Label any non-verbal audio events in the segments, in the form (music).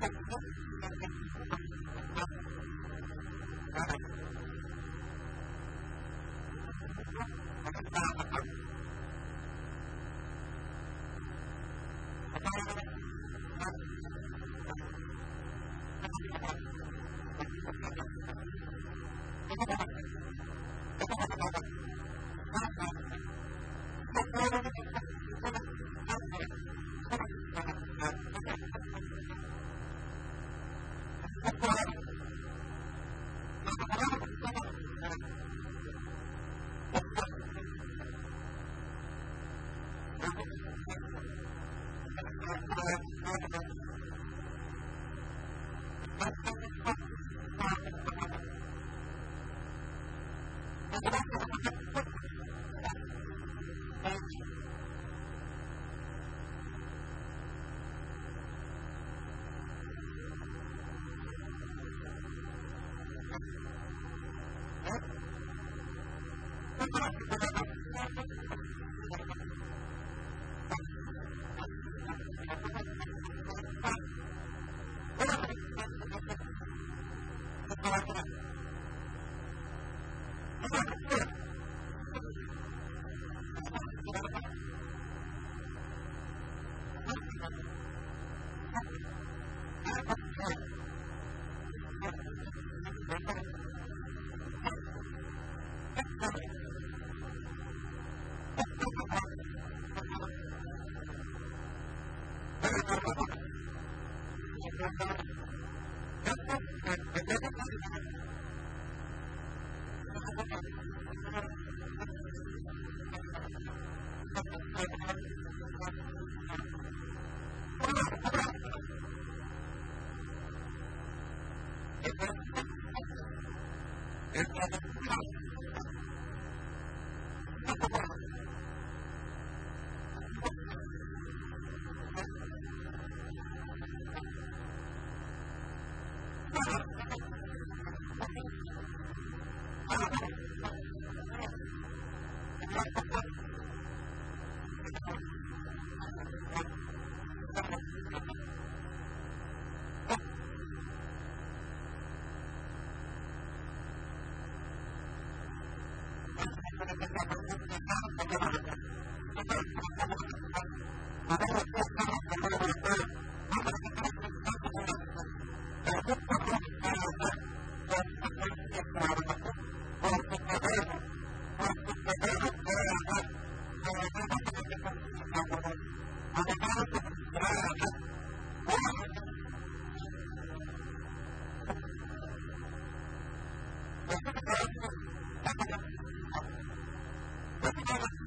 Thank you. Thank you. إلا (laughs) Thank you.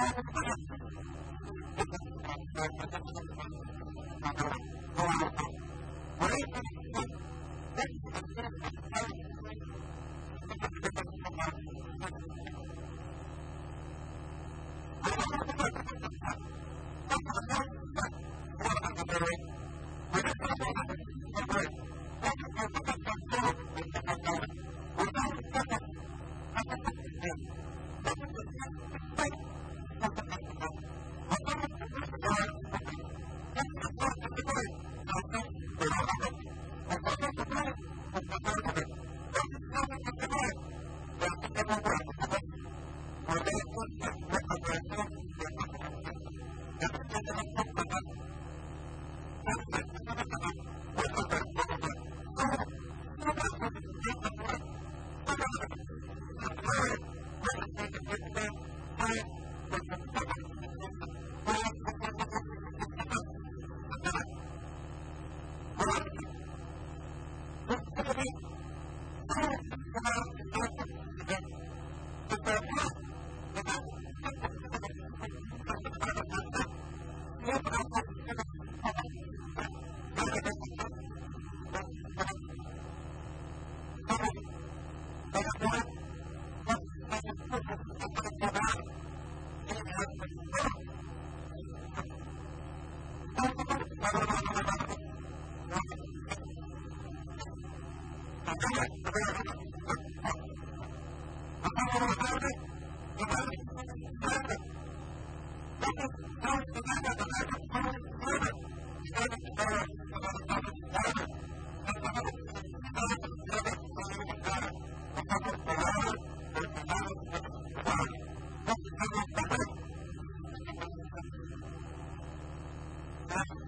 Thank you. Thank you. back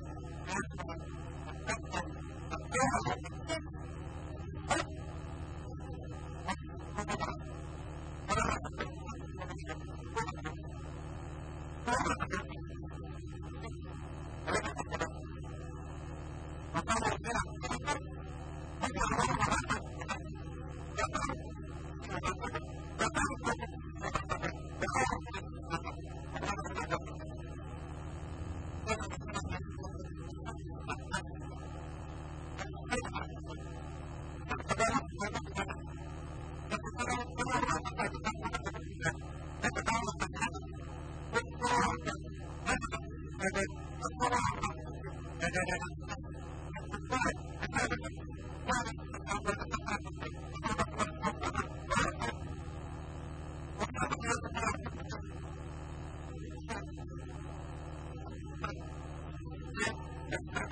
Thank you.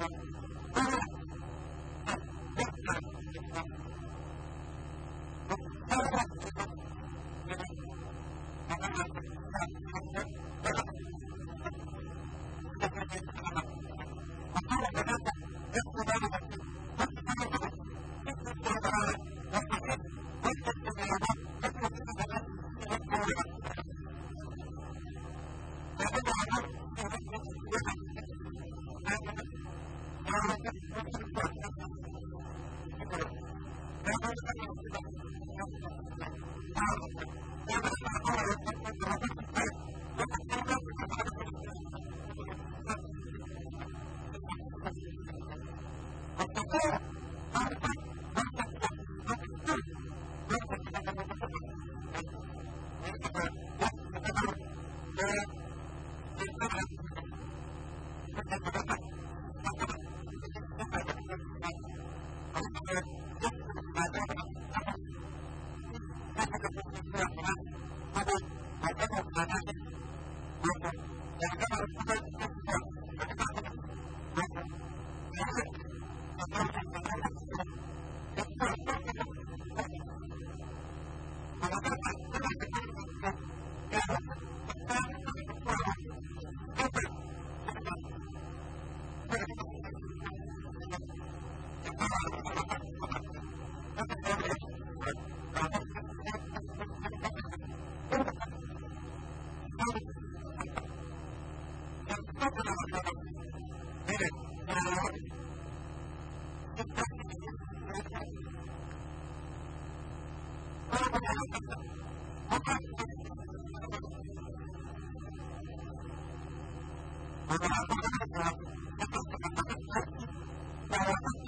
何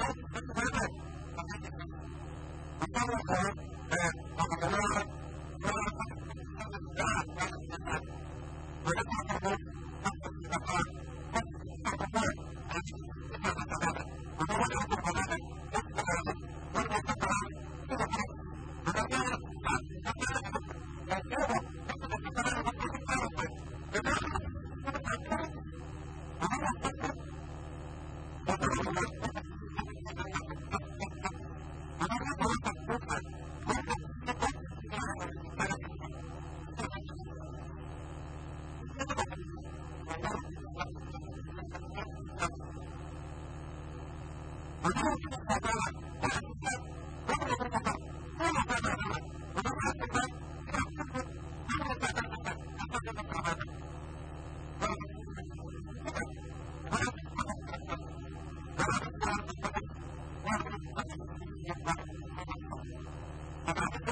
Thank you. Thank you.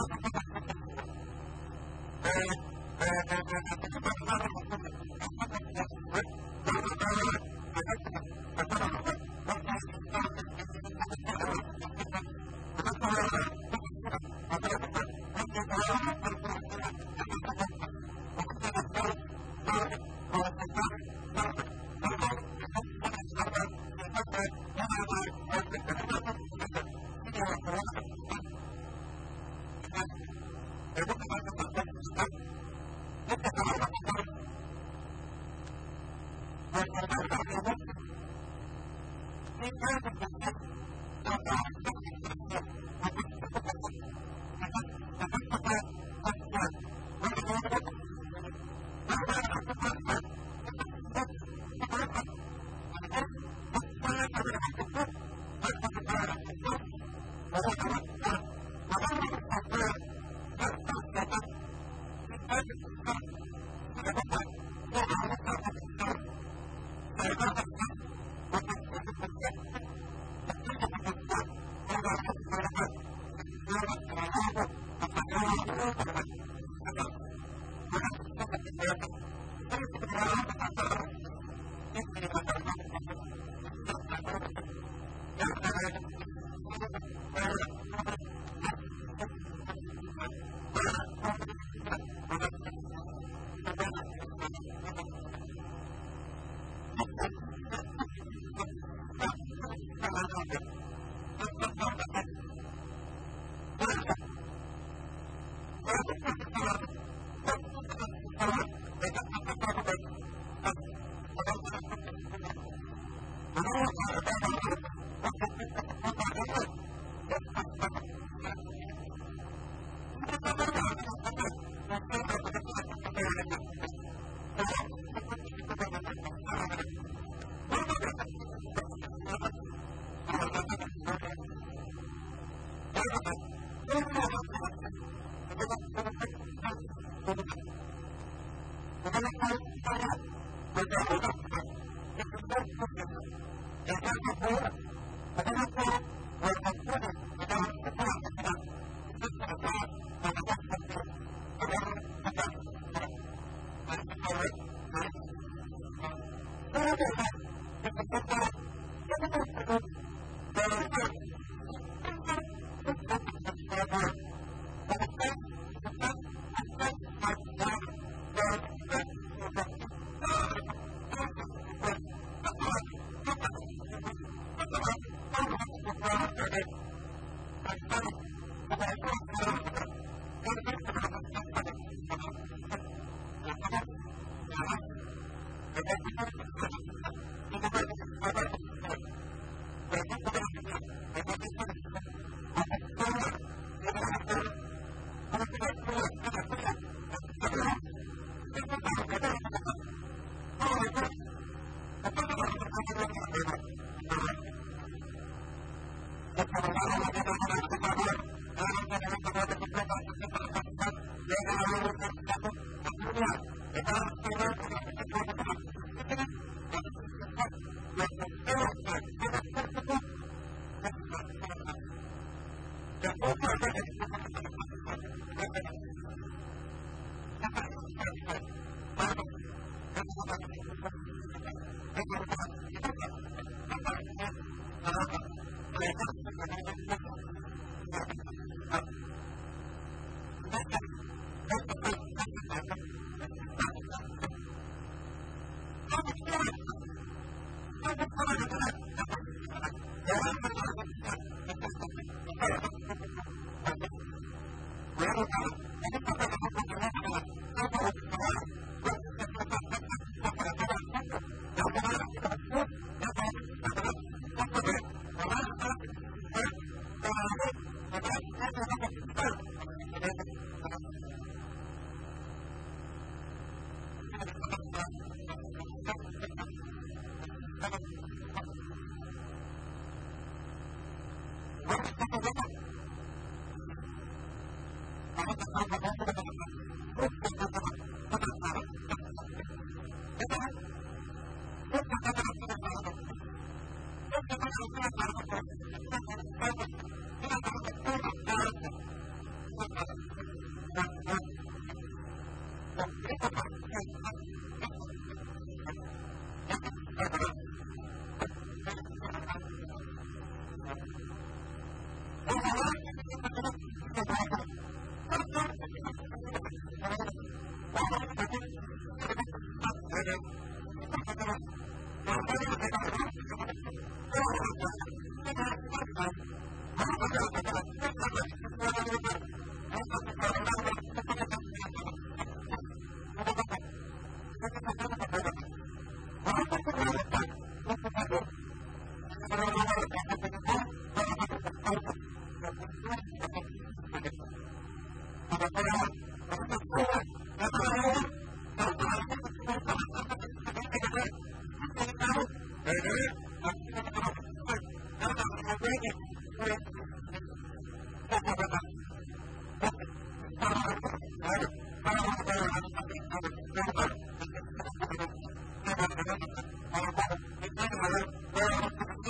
Thank you. Thank you. Thank you.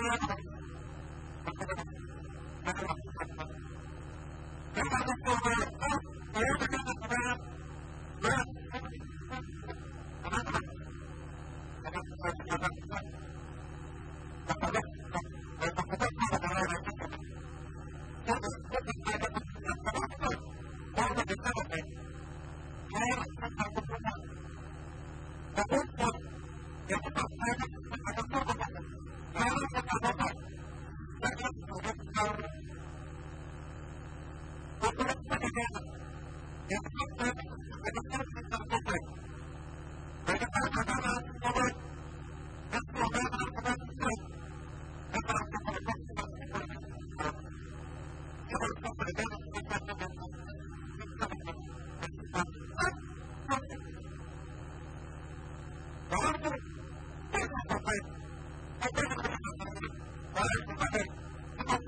Thank you.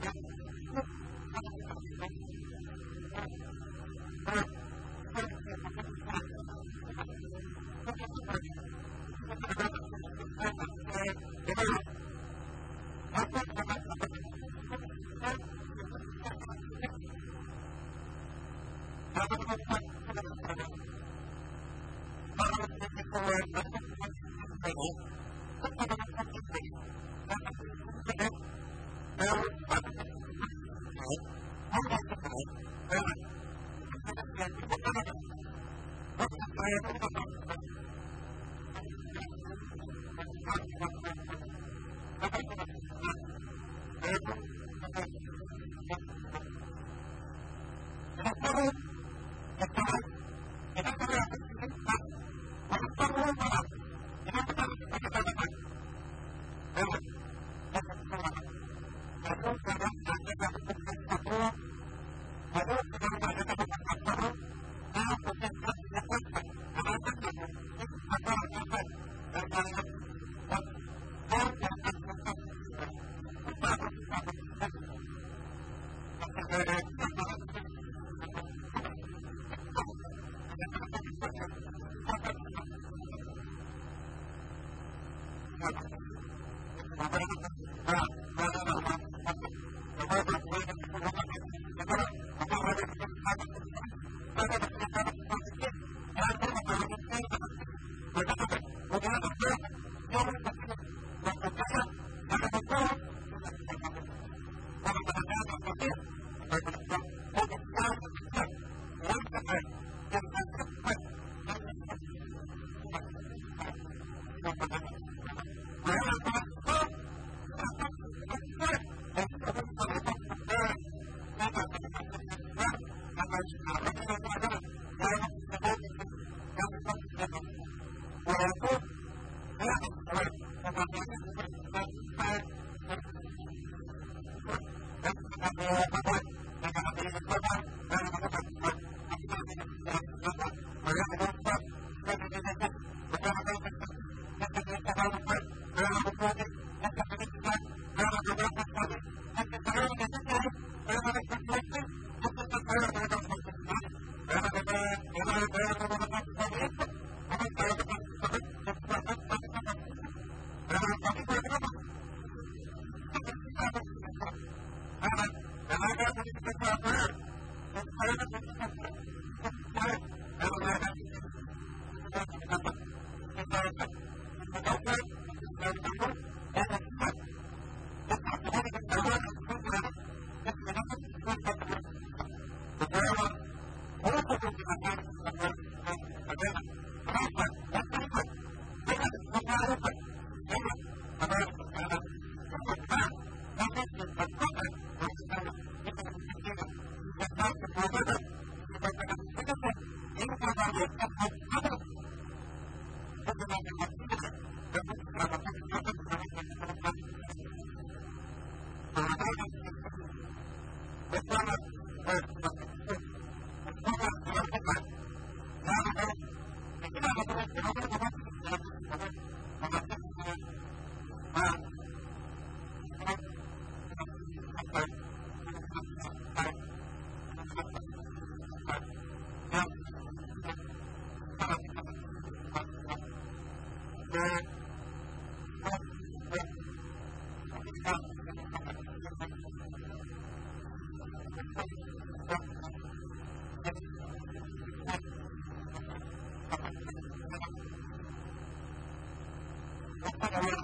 God. I don't Thank you. no para ver